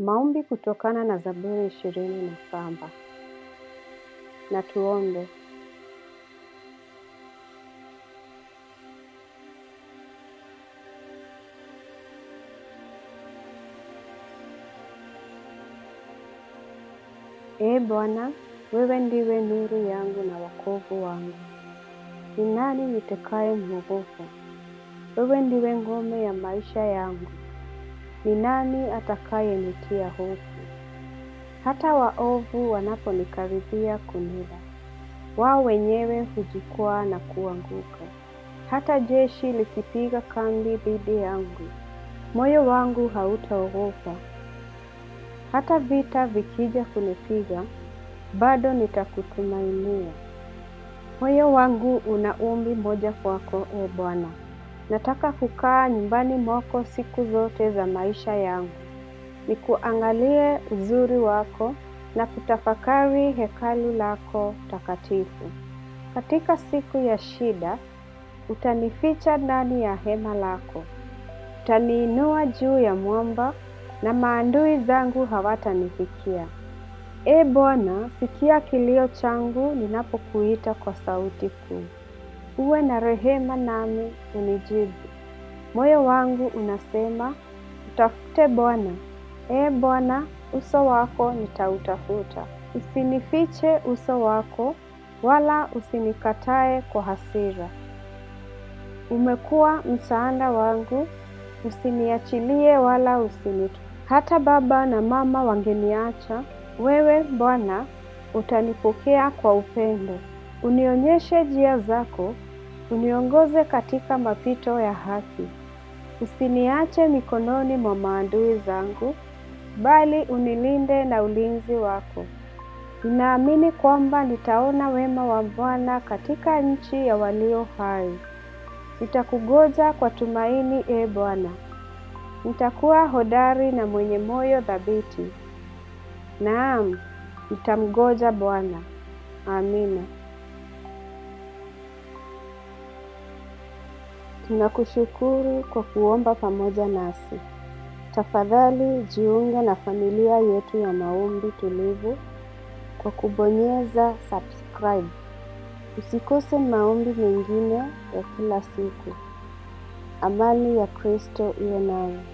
Maombi kutokana na Zaburi ishirini na saba. Na tuombe. Ee Bwana, wewe ndiwe nuru yangu na wokovu wangu. Ni nani nitakaye mwogopa? Wewe ndiwe ngome ya maisha yangu. Ni nani atakayenitia hofu? Hata waovu wanaponikaribia kunila, wao wenyewe hujikwaa na kuanguka. Hata jeshi likipiga kambi dhidi yangu, moyo wangu hautaogopa. Hata vita vikija kunipiga, bado nitakutumainia. Moyo wangu una umbi moja kwako, E Bwana. Nataka kukaa nyumbani mwako siku zote za maisha yangu, nikuangalie uzuri wako na kutafakari hekalu lako takatifu. Katika siku ya shida, utanificha ndani ya hema lako, utaniinua juu ya mwamba, na maandui zangu hawatanifikia. Ee Bwana, sikia kilio changu ninapokuita kwa sauti kuu. Uwe na rehema nami unijibu. Moyo wangu unasema, utafute Bwana. Ee Bwana, uso wako nitautafuta. Usinifiche uso wako, wala usinikatae kwa hasira. Umekuwa msaada wangu, usiniachilie wala usinitu. Hata baba na mama wangeniacha, wewe Bwana utanipokea kwa upendo. Unionyeshe njia zako Uniongoze katika mapito ya haki. Usiniache mikononi mwa maadui zangu, bali unilinde na ulinzi wako. Ninaamini kwamba nitaona wema wa Bwana katika nchi ya walio hai. nitakugoja kwa tumaini, e Bwana. Nitakuwa hodari na mwenye moyo thabiti. Naam, nitamgoja Bwana. Amina. Tunakushukuru kwa kuomba pamoja nasi. Tafadhali jiunge na familia yetu ya maombi tulivu kwa kubonyeza subscribe. Usikose maombi mengine ya kila siku. Amani ya Kristo iwe nawe.